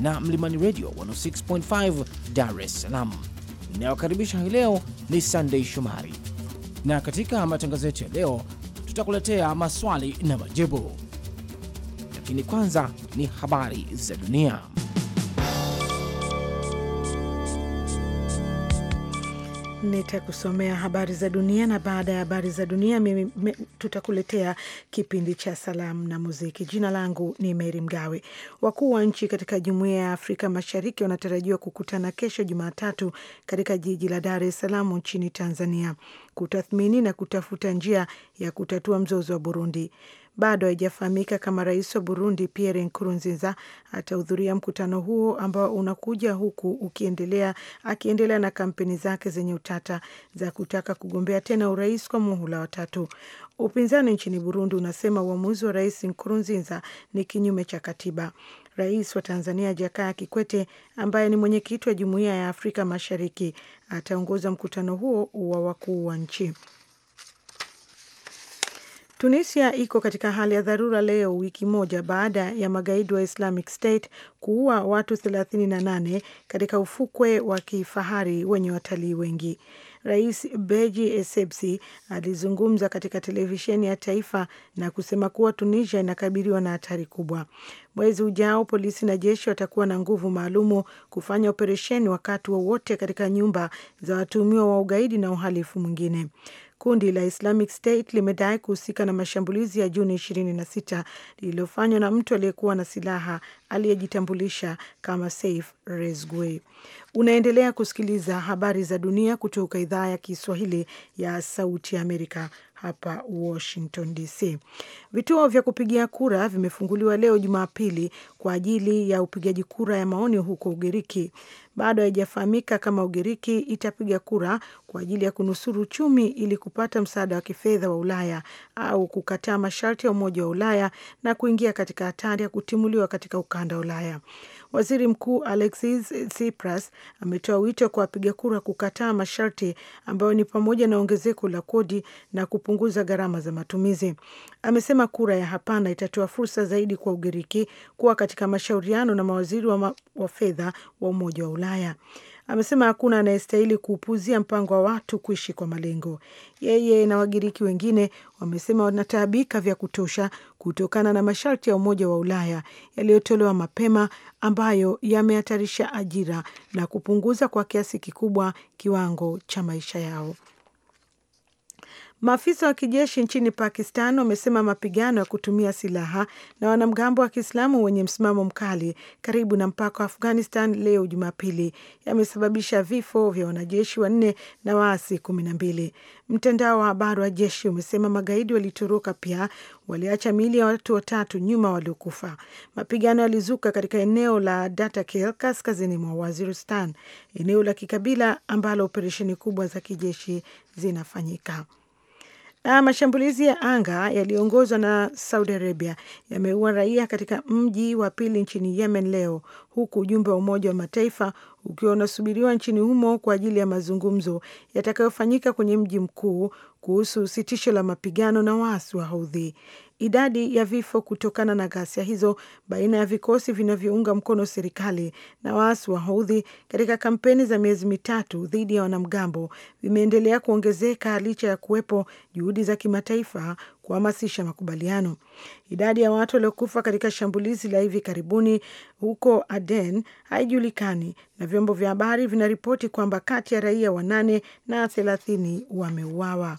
na Mlimani Radio 106.5 Dar es Salaam. Inayokaribisha hii leo ni Sunday Shomari, na katika matangazo yetu ya leo tutakuletea maswali na majibu, lakini kwanza ni habari za dunia. nitakusomea habari za dunia na baada ya habari za dunia mimi, me, tutakuletea kipindi cha salamu na muziki. Jina langu ni Meri Mgawe. Wakuu wa nchi katika jumuiya ya Afrika Mashariki wanatarajiwa kukutana kesho Jumatatu katika jiji la Dar es Salaam nchini Tanzania kutathmini na kutafuta njia ya kutatua mzozo wa Burundi bado haijafahamika kama rais wa Burundi Pierre Nkurunziza atahudhuria mkutano huo ambao unakuja huku ukiendelea akiendelea na kampeni zake zenye utata za kutaka kugombea tena urais kwa muhula watatu. Upinzani nchini Burundi unasema uamuzi wa rais Nkurunziza ni kinyume cha katiba. Rais wa Tanzania Jakaya Kikwete, ambaye ni mwenyekiti wa Jumuiya ya Afrika Mashariki, ataongoza mkutano huo wa wakuu wa nchi. Tunisia iko katika hali ya dharura leo, wiki moja baada ya magaidi wa Islamic State kuua watu 38 katika ufukwe wa kifahari wenye watalii wengi. Rais Beji esepsi alizungumza katika televisheni ya taifa na kusema kuwa Tunisia inakabiliwa na hatari kubwa. Mwezi ujao polisi na jeshi watakuwa na nguvu maalumu kufanya operesheni wakati wowote wa katika nyumba za watuhumiwa wa ugaidi na uhalifu mwingine. Kundi la Islamic State limedai kuhusika na mashambulizi ya Juni 26 lililofanywa na mtu aliyekuwa na silaha aliyejitambulisha kama Saif Rezgui. Unaendelea kusikiliza habari za dunia kutoka idhaa ya Kiswahili ya Sauti ya Amerika hapa Washington DC. Vituo vya kupigia kura vimefunguliwa leo Jumapili kwa ajili ya upigaji kura ya maoni huko Ugiriki bado haijafahamika kama Ugiriki itapiga kura kwa ajili ya kunusuru uchumi ili kupata msaada wa kifedha wa Ulaya au kukataa masharti ya Umoja wa Ulaya na kuingia katika hatari ya kutimuliwa katika ukanda wa Ulaya. Waziri Mkuu Alexis Tsipras ametoa wito kwa wapiga kura kukataa masharti ambayo ni pamoja na ongezeko la kodi na kupunguza gharama za matumizi. Amesema kura ya hapana itatoa fursa zaidi kwa Ugiriki kuwa katika mashauriano na mawaziri wa, ma wa fedha wa Umoja wa Ulaya. Ulaya. Amesema hakuna anayestahili kuupuzia mpango wa watu kuishi kwa malengo. Yeye na Wagiriki wengine wamesema wanataabika vya kutosha kutokana na masharti ya Umoja wa Ulaya yaliyotolewa mapema ambayo yamehatarisha ajira na kupunguza kwa kiasi kikubwa kiwango cha maisha yao. Maafisa wa kijeshi nchini Pakistan wamesema mapigano ya kutumia silaha na wanamgambo wa Kiislamu wenye msimamo mkali karibu na mpaka wa Afghanistan leo Jumapili yamesababisha vifo vya wanajeshi wanne na waasi kumi na mbili. Mtandao wa habari wa jeshi umesema magaidi walitoroka, pia waliacha miili ya watu watatu nyuma waliokufa. Mapigano yalizuka katika eneo la Datakil kaskazini mwa Waziristan, eneo la kikabila ambalo operesheni kubwa za kijeshi zinafanyika. Na ah, mashambulizi ya anga yaliyoongozwa na Saudi Arabia yameua raia katika mji wa pili nchini Yemen leo, huku ujumbe wa Umoja wa Mataifa ukiwa unasubiriwa nchini humo kwa ajili ya mazungumzo yatakayofanyika kwenye mji mkuu kuhusu sitisho la mapigano na waasi wa Houthi. Idadi ya vifo kutokana na ghasia hizo baina ya vikosi vinavyounga mkono serikali na waasi wa Houthi katika kampeni za miezi mitatu dhidi ya wanamgambo vimeendelea kuongezeka licha ya kuwepo juhudi za kimataifa kuhamasisha makubaliano. Idadi ya watu waliokufa katika shambulizi la hivi karibuni huko Aden haijulikani na vyombo vya habari vinaripoti kwamba kati ya raia wanane na thelathini wameuawa.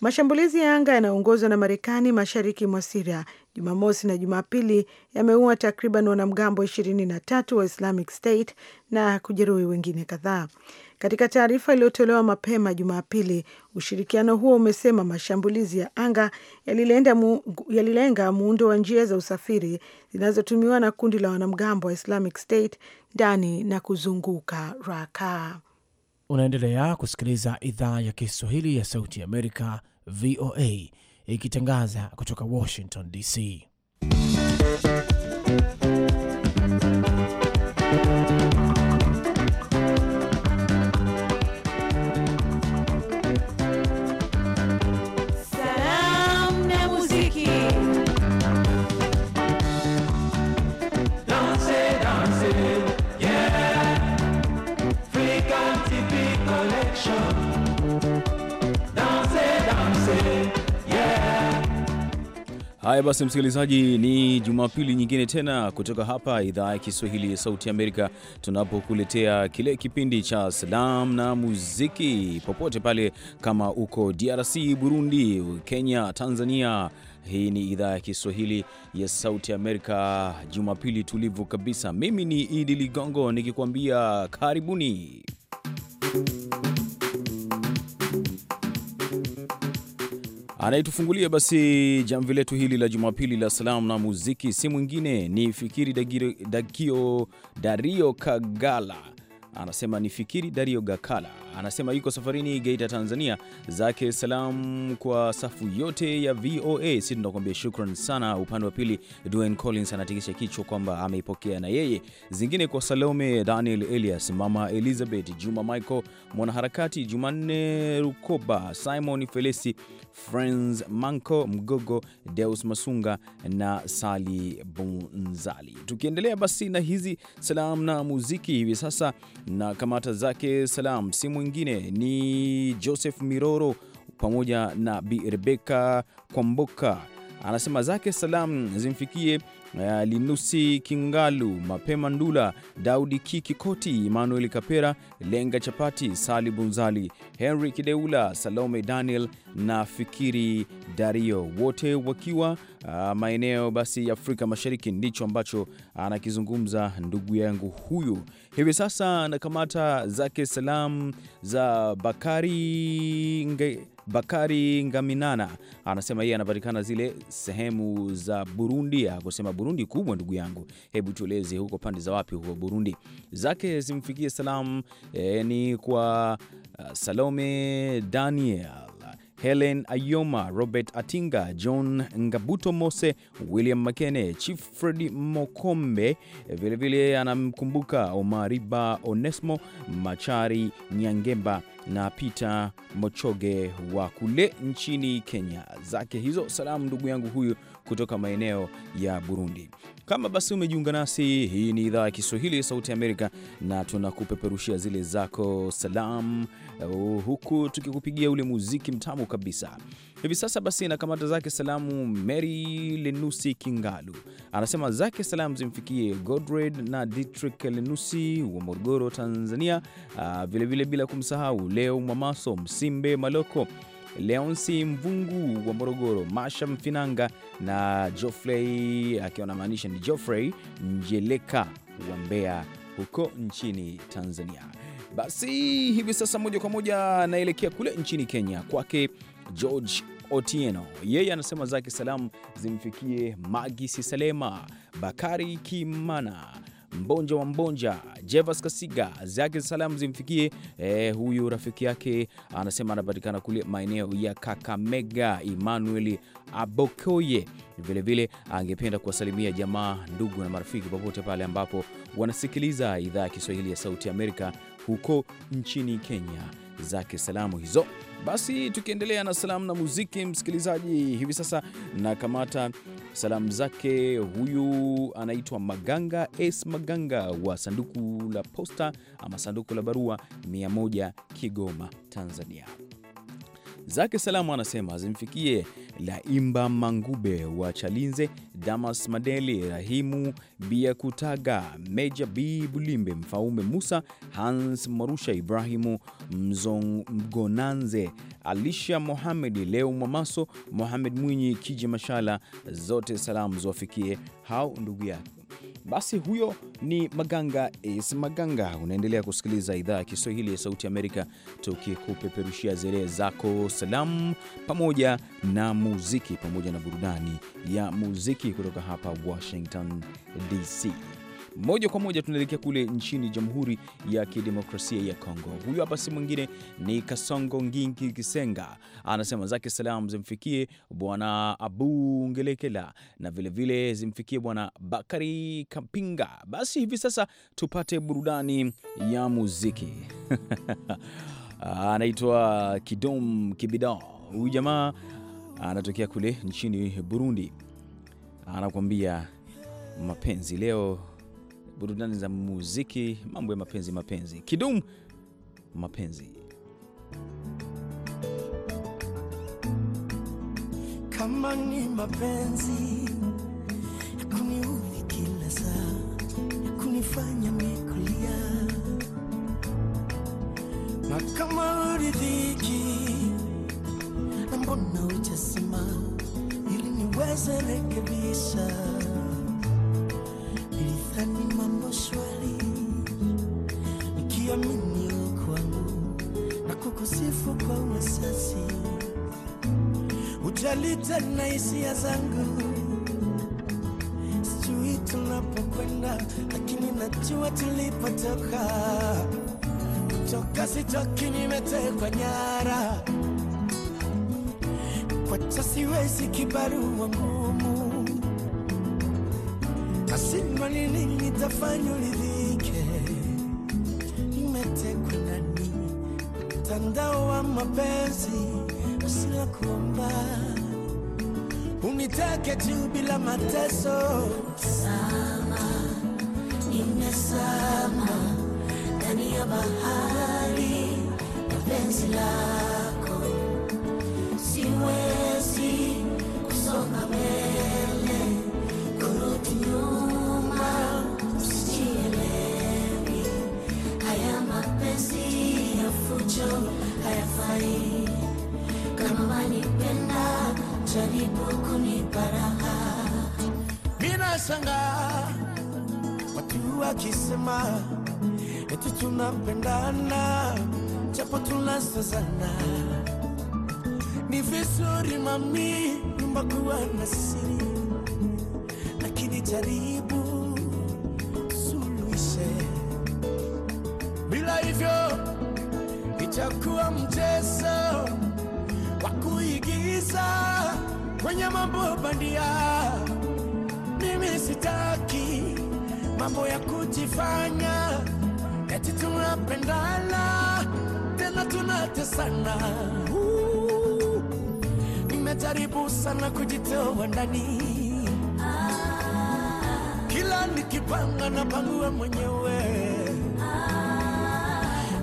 Mashambulizi ya anga yanayoongozwa na Marekani mashariki mwa Siria Jumamosi na Jumapili yameua takriban wanamgambo ishirini na tatu wa Islamic State na kujeruhi wengine kadhaa. Katika taarifa iliyotolewa mapema Jumapili, ushirikiano huo umesema mashambulizi ya anga yalilenga muundo wa njia za usafiri zinazotumiwa na kundi la wanamgambo wa Islamic State ndani na kuzunguka Raka. Unaendelea kusikiliza idhaa ya Kiswahili ya Sauti ya Amerika, VOA, ikitangaza kutoka Washington DC. Haya basi, msikilizaji, ni Jumapili nyingine tena kutoka hapa idhaa ya Kiswahili ya Sauti Amerika, tunapokuletea kile kipindi cha salamu na muziki popote pale, kama uko DRC, Burundi, Kenya, Tanzania. Hii ni idhaa ya Kiswahili ya Sauti Amerika, Jumapili tulivu kabisa. Mimi ni Idi Ligongo nikikuambia karibuni Anayetufungulia basi jamvi letu hili la Jumapili la salamu na muziki si mwingine ni Fikiri Dagiro, Dagio Dario Kagala. Anasema ni Fikiri Dario Gakala anasema yuko safarini Geita, Tanzania, zake salam kwa safu yote ya VOA. Si tunakuambia shukran sana. Upande wa pili, Dwayne Collins anatikisha kichwa kwamba ameipokea na yeye, zingine kwa Salome Daniel, Elias, mama Elizabeth, Juma Michael, mwanaharakati Jumanne Rukoba, Simon Felesi, Friends manco Mgogo, Deus Masunga na Sali Bunzali. Tukiendelea basi na hizi salamu na muziki hivi sasa, na kamata zake salam simu wengine ni Joseph Miroro pamoja na Bi Rebeka Kwamboka. Anasema zake salamu zimfikie uh, Linusi Kingalu, Mapema Ndula, Daudi Kikikoti, Emmanuel Kapera, Lenga Chapati, Sali Bunzali, Henry Kideula, Salome Daniel na Fikiri Dario, wote wakiwa uh, maeneo basi Afrika Mashariki. Ndicho ambacho anakizungumza ndugu yangu huyu hivi sasa na kamata zake salam za Bakari Nge, Bakari Ngaminana anasema yeye anapatikana zile sehemu za Burundi. Akusema Burundi kubwa, ndugu yangu, hebu tueleze huko pande za wapi huko Burundi. Zake zimfikie salam e, ni kwa uh, Salome Daniel Helen Ayoma, Robert Atinga, John Ngabuto Mose, William Makene, Chief Fredi Mokombe, vilevile anamkumbuka Omariba Onesmo Machari Nyangemba na Peter Mochoge wa kule nchini Kenya. Zake hizo salamu ndugu yangu huyu kutoka maeneo ya Burundi. Kama basi umejiunga nasi, hii ni idhaa ya Kiswahili ya Sauti Amerika na tunakupeperushia zile zako salam, uh, huku tukikupigia ule muziki mtamu kabisa. Hivi sasa basi na kamata zake salamu Mary Lenusi Kingalu anasema zake salamu zimfikie Godred na Dietrich Lenusi wa Morogoro, Tanzania, vilevile uh, bila kumsahau Leo Mwamaso Msimbe Maloko Leonsi Mvungu wa Morogoro, Masha Mfinanga na Geoffrey akiwa anamaanisha ni Geoffrey Njeleka wa Mbeya huko nchini Tanzania. Basi hivi sasa moja kwa moja naelekea kule nchini Kenya kwake George Otieno, yeye anasema zake salamu zimfikie magi Sisalema, Bakari Kimana, Mbonja wa Mbonja, Jevas Kasiga, zake salamu zimfikie eh, huyu rafiki yake anasema anapatikana kule maeneo ya Kakamega, Emmanuel Abokoye. Vilevile angependa kuwasalimia jamaa, ndugu na marafiki popote pale ambapo wanasikiliza idhaa ya Kiswahili ya Sauti Amerika huko nchini Kenya zake salamu hizo. Basi tukiendelea na salamu na muziki, msikilizaji, hivi sasa nakamata Salamu zake huyu anaitwa Maganga S Maganga wa sanduku la posta ama sanduku la barua 100 Kigoma, Tanzania. Zake salamu anasema zimfikie Laimba Mangube wa Chalinze, Damas Madeli, Rahimu Biakutaga, Meja B Bulimbe, Mfaume Musa, Hans Marusha, Ibrahimu Mgonanze, Alisha Mohamedi, Leo Mwamaso, Mohamed Mwinyi, Kije Mashala, zote salamu ziwafikie hao ndugu yake basi huyo ni Maganga is Maganga. Unaendelea kusikiliza idhaa ya Kiswahili ya Sauti Amerika, tukikupeperushia zere zako salamu pamoja na muziki pamoja na burudani ya muziki kutoka hapa Washington DC. Moja kwa moja tunaelekea kule nchini Jamhuri ya Kidemokrasia ya Kongo. Huyu hapa si mwingine ni Kasongo Ngingi Kisenga, anasema zake salamu zimfikie bwana Abu Ngelekela na vilevile vile zimfikie bwana Bakari Kampinga. Basi hivi sasa tupate burudani ya muziki anaitwa Kidom Kibido. Huyu jamaa anatokea kule nchini Burundi, anakuambia mapenzi leo burudani za muziki, mambo ya mapenzi, mapenzi Kidum, mapenzi kama ni mapenzi yakuniudhi kila saa, yakunifanya mikulia na kama uridhiki na mbona uchasima ili niweze rekebisha Sidhani mambo shwari, nikiamini kwangu na kukusifu kwa uasasi, ujali na hisia zangu, sijui tunapokwenda, lakini najua tulipotoka. Toka sitoki, nimetekwa nyara kwacha, siwezi kibarua ngumu kwa nini nitafanya ulidhike? Nimetekwa ndani mtandao wa mapenzi sina kuomba, unitake tu bila mateso. Sama nimesama ndani ya bahari mapenzi la Sanga watu wakisema eti tunampendana japo tunasazana. Ni vizuri mami, nyumba kuwa na siri, lakini jaribu suluhishe, bila hivyo itakuwa mchezo wa kuigiza kwenye mambo bandia. mambo ya kujifanya, eti tunapendana tena tunatesana. Nimejaribu sana kujitoa ndani, kila nikipanga na pangua mwenyewe.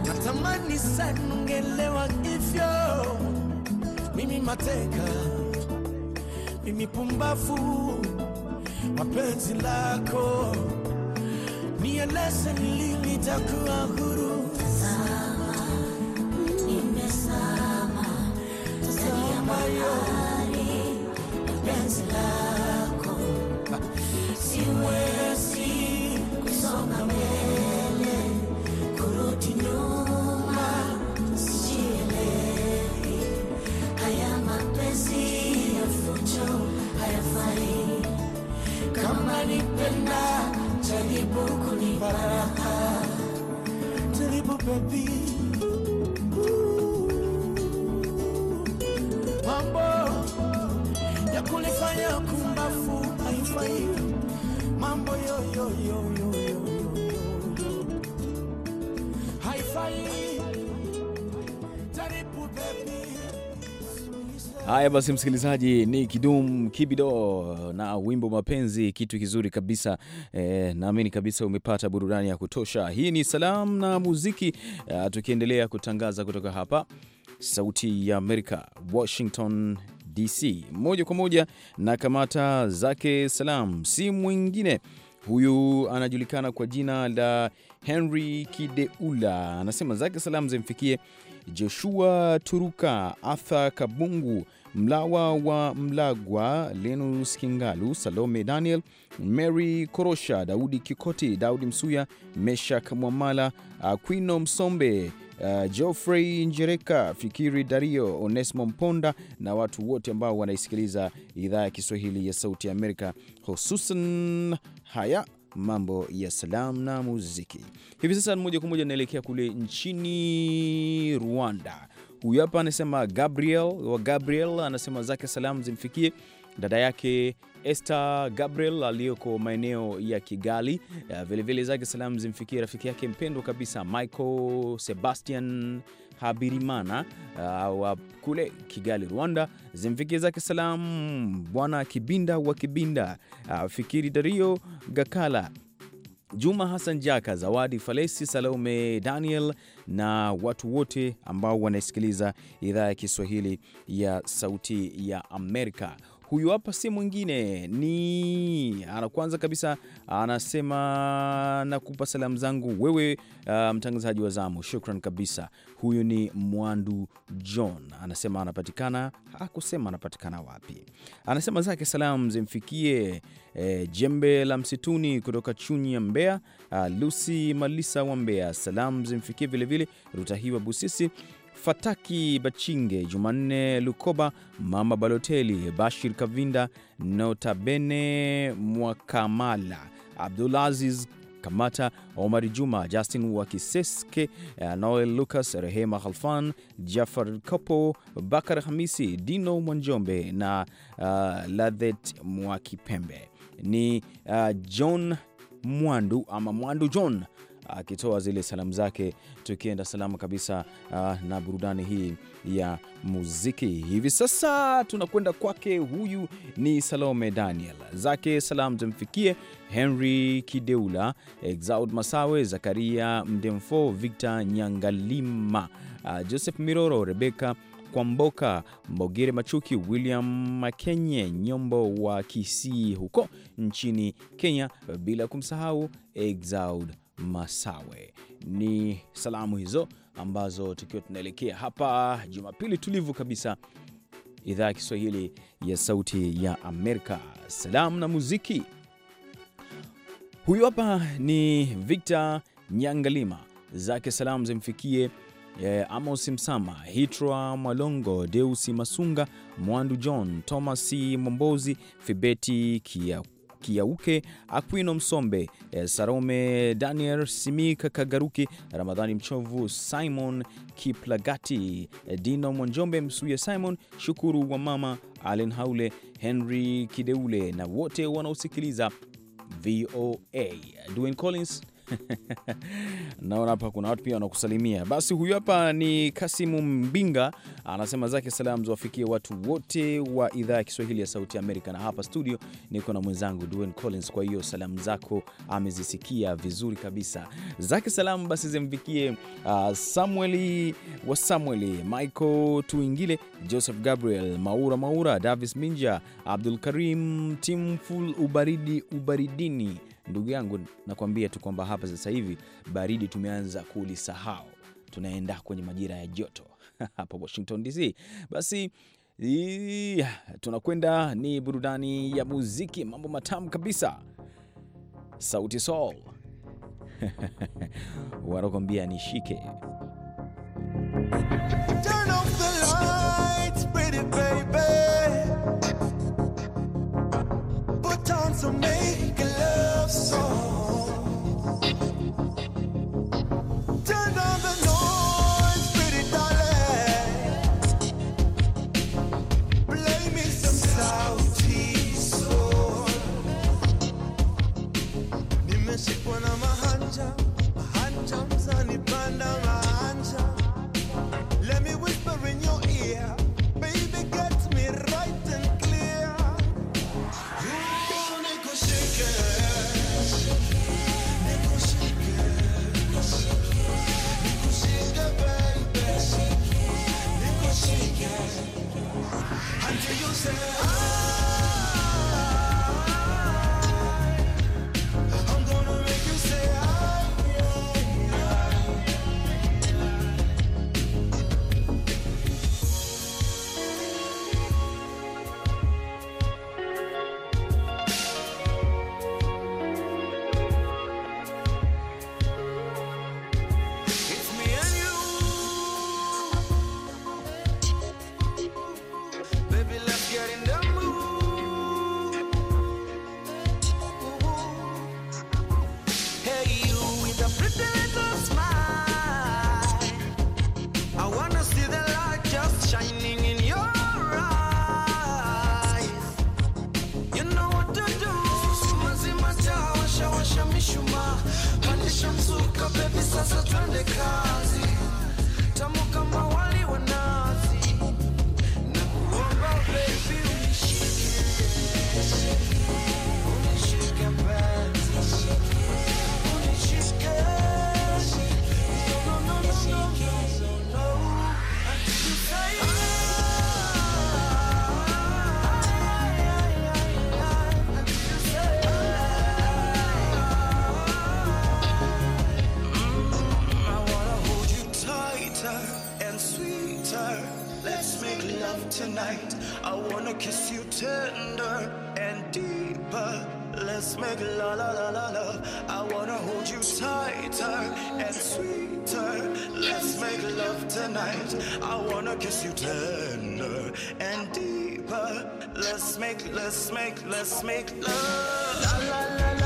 Natamani sana ungelewa hivyo, mimi mateka, mimi pumbafu, mapenzi lako Me a lesson, lead me a guru. baraka tulipo bebi, mambo ya kulifanya kumbafu haifai, mambo yoyoyo haifai. Haya basi, msikilizaji, ni Kidum Kibido na wimbo Mapenzi, kitu kizuri kabisa e, naamini kabisa umepata burudani ya kutosha. Hii ni salamu na muziki, eh, tukiendelea kutangaza kutoka hapa Sauti ya Amerika, Washington DC, moja kwa moja na kamata zake salam, si mwingine Huyu anajulikana kwa jina la Henry Kideula, anasema zake salam zimfikie Joshua Turuka, Arthur Kabungu, Mlawa wa Mlagwa, Lenus Kingalu, Salome Daniel, Mary Korosha, Daudi Kikoti, Daudi Msuya, Meshak Mwamala, Aquino Msombe, Uh, Geoffrey Njereka, Fikiri Dario, Onesmo Mponda na watu wote ambao wanaisikiliza idhaa ya Kiswahili ya Sauti ya Amerika, hususan haya mambo ya salamu na muziki. Hivi sasa moja kwa moja naelekea kule nchini Rwanda. Huyu hapa anasema Gabriel wa Gabriel anasema zake salamu zimfikie dada yake Esther Gabriel aliyoko maeneo ya Kigali. Vilevile eh, zake salamu zimfikie rafiki yake mpendwa kabisa Michael Sebastian Habirimana uh, wa kule Kigali, Rwanda, zimfikia zake salamu Bwana Kibinda wa Kibinda, uh, Fikiri Dario Gakala, Juma Hassan Jaka, Zawadi Falesi, Salome Daniel na watu wote ambao wanaisikiliza idhaa ya Kiswahili ya Sauti ya Amerika. Huyu hapa si mwingine ni ana, kwanza kabisa anasema nakupa salamu zangu wewe, uh, mtangazaji wa zamu, shukran kabisa. Huyu ni Mwandu John, anasema anapatikana, hakusema anapatikana wapi. Anasema zake salamu zimfikie e, Jembe la Msituni kutoka Chunya, ya uh, lusi Malisa wa mbea Salamu zimfikie vilevile Rutahiwa Busisi Fataki Bachinge, Jumanne Lukoba, Mama Baloteli, Bashir Kavinda, Notabene Mwakamala, Abdulaziz Kamata, Omar Juma, Justin Wakiseske, eh, Noel Lucas, Rehema Khalfan, Jafar Kopo, Bakar Hamisi, Dino Mwanjombe na uh, eh, Ladhet Mwakipembe. Ni uh, John Mwandu ama Mwandu John akitoa zile salamu zake, tukienda salama kabisa ah, na burudani hii ya muziki. Hivi sasa tunakwenda kwake, huyu ni Salome Daniel, zake salamu zimfikie Henry Kideula, Exaud Masawe, Zakaria Mdemfo, Victor Nyangalima, ah, Joseph Miroro, Rebeka Kwamboka Mbogere Machuki, William Makenye Nyombo wa Kisii huko nchini Kenya, bila kumsahau Exaud Masawe. Ni salamu hizo ambazo tukiwa tunaelekea hapa Jumapili tulivu kabisa, idhaa ya Kiswahili ya Sauti ya Amerika. Salamu na muziki, huyu hapa ni Victor Nyangalima, zake salamu zimfikie E, Amos Msama, Hitra Mwalongo, Deusi Masunga, Mwandu John, Thomas Mombozi, Fibeti Kia Kiauke, Aquino Msombe, eh, Sarome Daniel Simika Kagaruki, Ramadhani Mchovu, Simon Kiplagati, eh, Dino Mwanjombe, Msuya Simon, Shukuru wa Mama, Allen Haule, Henry Kideule na wote wanaosikiliza VOA. Dwayne Collins naona hapa kuna watu pia wanakusalimia. Basi huyu hapa ni Kasimu Mbinga, anasema zake salamu ziwafikie watu wote wa idhaa ya Kiswahili ya Sauti Amerika, na hapa studio niko na mwenzangu Dwayne Collins. Kwa hiyo salamu zako amezisikia vizuri kabisa. Zake salamu basi zimfikie uh, Samueli wa Samueli, Michael Tuingile, Joseph Gabriel Maura, Maura Davis Minja, Abdul Karim Timful, Ubaridi Ubaridini Ndugu yangu, nakwambia tu kwamba hapa sasa hivi baridi tumeanza kulisahau, tunaenda kwenye majira ya joto hapa Washington DC. Basi tunakwenda ni burudani ya muziki, mambo matamu kabisa, Sauti Sol wanakuambia nishike London kiss you tender and deeper. Let's make, let's make, let's make love. La, la, la,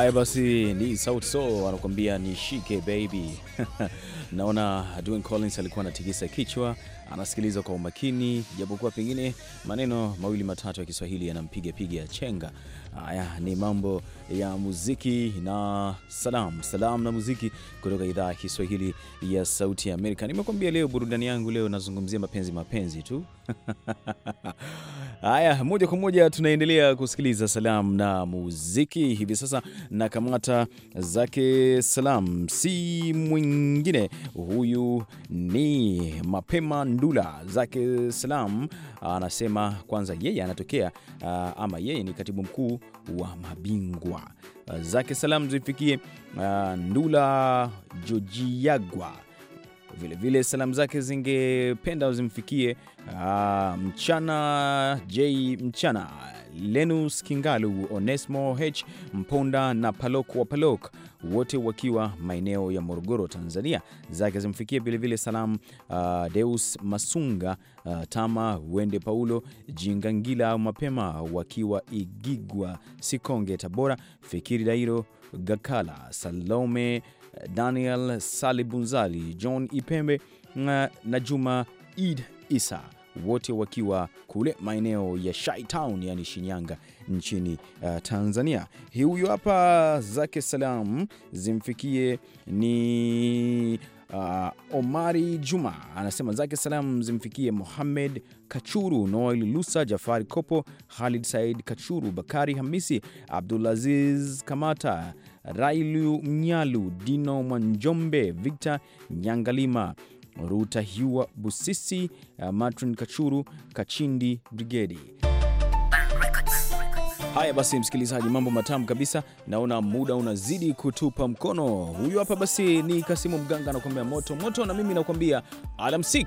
Haya basi, ni Sauti Sol anakuambia shike baby. Naona Dwayne Collins alikuwa anatikisa kichwa anasikiliza kwa umakini, japokuwa pengine maneno mawili matatu ya Kiswahili yanampiga piga chenga. Haya ni mambo ya muziki na salam salam na muziki kutoka idhaa ya Kiswahili ya Sauti ya Amerika. Nimekwambia leo burudani yangu leo nazungumzia mapenzi, mapenzi tu Haya, moja kwa moja tunaendelea kusikiliza salam na muziki hivi sasa, na kamata zake salam si mwingine, huyu ni mapema Mdula zake salam, ah, anasema kwanza yeye anatokea ah, ama yeye ni katibu mkuu wa mabingwa. Ah, zake salam zifikie Ndula Jojiagwa Vilevile salamu zake zingependa zimfikie ah, Mchana J Mchana, Lenus Kingalu, Onesmo H Mponda na Palok wa Palok, wote wakiwa maeneo ya Morogoro, Tanzania. Zake zimfikie vilevile salamu uh, Deus Masunga uh, Tama Wende, Paulo Jingangila Mapema, wakiwa Igigwa, Sikonge, Tabora, Fikiri Dairo Gakala, Salome Daniel Salibunzali, John Ipembe na Juma Eid Isa, wote wakiwa kule maeneo ya Shy Town yani Shinyanga nchini uh, Tanzania. Hii huyu hapa zake salam zimfikie ni uh, Omari Juma anasema zake salam zimfikie Mohamed Kachuru, Noel Lusa, Jafari Kopo, Khalid Said Kachuru, Bakari Hamisi, Abdulaziz Kamata Railu Mnyalu, Dino Mwanjombe, Victor Nyangalima, ruta Hiwa Busisi, uh, Matrin Kachuru, Kachindi Brigedi. Haya basi, msikilizaji, mambo matamu kabisa. Naona muda unazidi kutupa mkono. Huyu hapa basi ni Kasimu Mganga anakuambia moto moto, na mimi nakuambia alamsik.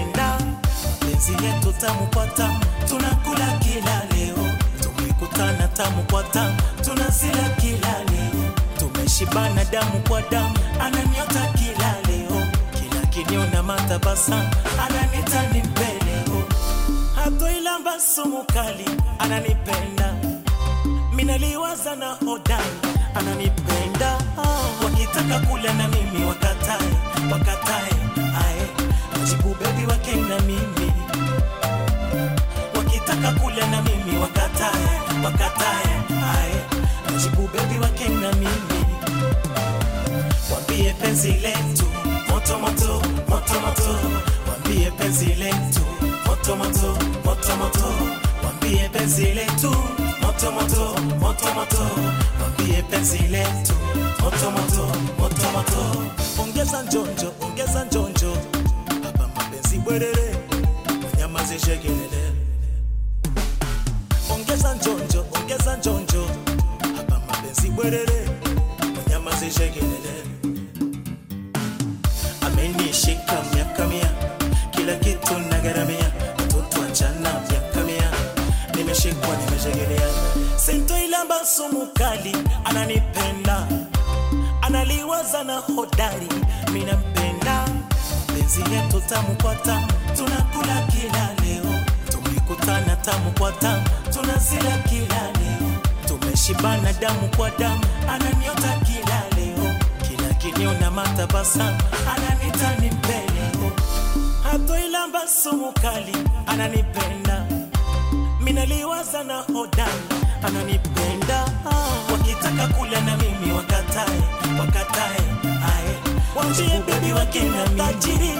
mapenzi yetu tamu kwa tamu, tunakula kila leo. Tumekutana tamu kwa tamu, tunasila kila leo. Tumeshibana damu kwa damu, ananiota kila leo. Kila kiniona matabasamu, ananita ni mpeleo. Hatoilamba sumu kali, ananipenda minaliwaza na odani, ananipenda wakitaka kula na mimi wakatae, wakatae ae majibu bebi wake na mimi Ukitaka kula na mimi wakatae, wakatae ae, najibu bebi wake na mimi wambie penzi letu moto moto moto moto, wambie penzi letu moto moto moto moto, wambie penzi letu moto moto moto moto, wambie penzi letu moto moto moto moto, ongeza njonjo, ongeza njonjo, baba mapenzi bwerere, nyamaze shekelele ongeza njonjo, ongeza njonjo, hapa mapenzi bwerere, nyama zishekelele. Amenishika miaka mia, kila kitu nagaramia, mtoto achana miaka mia, nimeshikwa nimeshekelea, sintoilamba sumu ananipenda analiwaza na hodari, mina mapenzi yetu tamu kwa tamu, tunakula kila leo tamu kwa tamu tunazila kila leo, tumeshibana damu kwa damu, ananiota kila leo, kila kiniona matabasamu ananita ni mpeleo, hatoilamba sumu kali ananipenda, minaliwaza na hodani ananipenda, wakitaka kula na mimi wakatae, wakatae ae, wamjie bebi wakina tajiri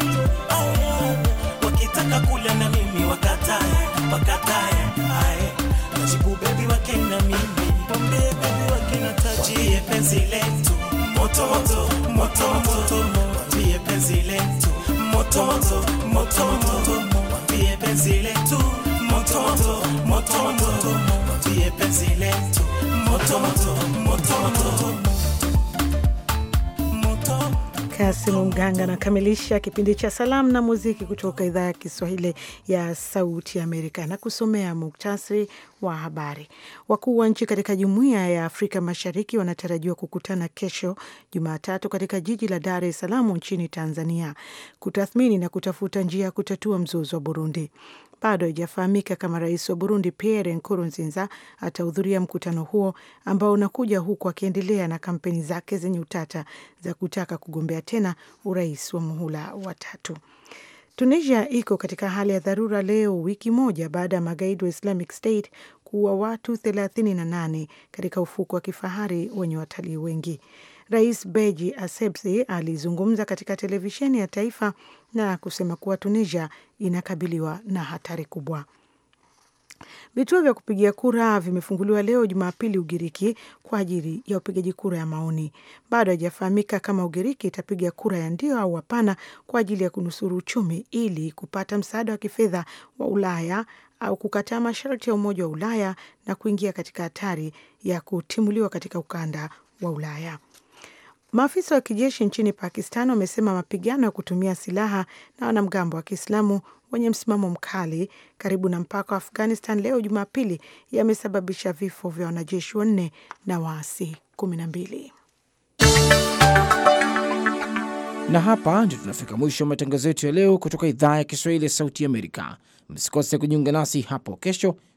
ae, wakitaka kula na mimi wakatae pakatae ae najibu bebi wake na mimi pombe bebi wake na taji penzi letu moto moto moto moto mwambie penzi letu moto moto moto moto mwambie penzi letu moto moto moto moto mwambie penzi letu moto moto moto moto Kasimu Mganga anakamilisha kipindi cha salamu na muziki kutoka idhaa ya Kiswahili ya Sauti Amerika na kusomea muktasari wa habari. Wakuu wa nchi katika jumuiya ya Afrika Mashariki wanatarajiwa kukutana kesho Jumatatu katika jiji la Dar es Salaam nchini Tanzania kutathmini na kutafuta njia ya kutatua mzozo wa Burundi. Bado haijafahamika kama rais wa Burundi Pierre Nkurunziza atahudhuria mkutano huo ambao unakuja huku akiendelea na kampeni zake zenye utata za kutaka kugombea tena urais wa muhula wa tatu. Tunisia iko katika hali ya dharura leo, wiki moja baada ya magaidi wa Islamic State kuua watu 38 katika ufuko wa kifahari wenye watalii wengi. Rais Beji asepsi alizungumza katika televisheni ya taifa na kusema kuwa Tunisia inakabiliwa na hatari kubwa. Vituo vya kupigia kura vimefunguliwa leo Jumapili Ugiriki kwa ajili ya upigaji kura ya maoni. Bado haijafahamika kama Ugiriki itapiga kura ya ndio au hapana kwa ajili ya kunusuru uchumi ili kupata msaada wa kifedha wa Ulaya au kukataa masharti ya Umoja wa Ulaya na kuingia katika hatari ya kutimuliwa katika ukanda wa Ulaya. Maafisa wa kijeshi nchini Pakistan wamesema mapigano ya kutumia silaha na wanamgambo wa Kiislamu wenye msimamo mkali karibu na mpaka wa Afghanistan leo Jumapili yamesababisha vifo vya wanajeshi wanne na waasi mbili. Na hapa ndio tunafika mwisho wa matangazo yetu ya leo kutoka idhaa ya Kiswahili ya Sauti Amerika. Msikose kujiunga nasi hapo kesho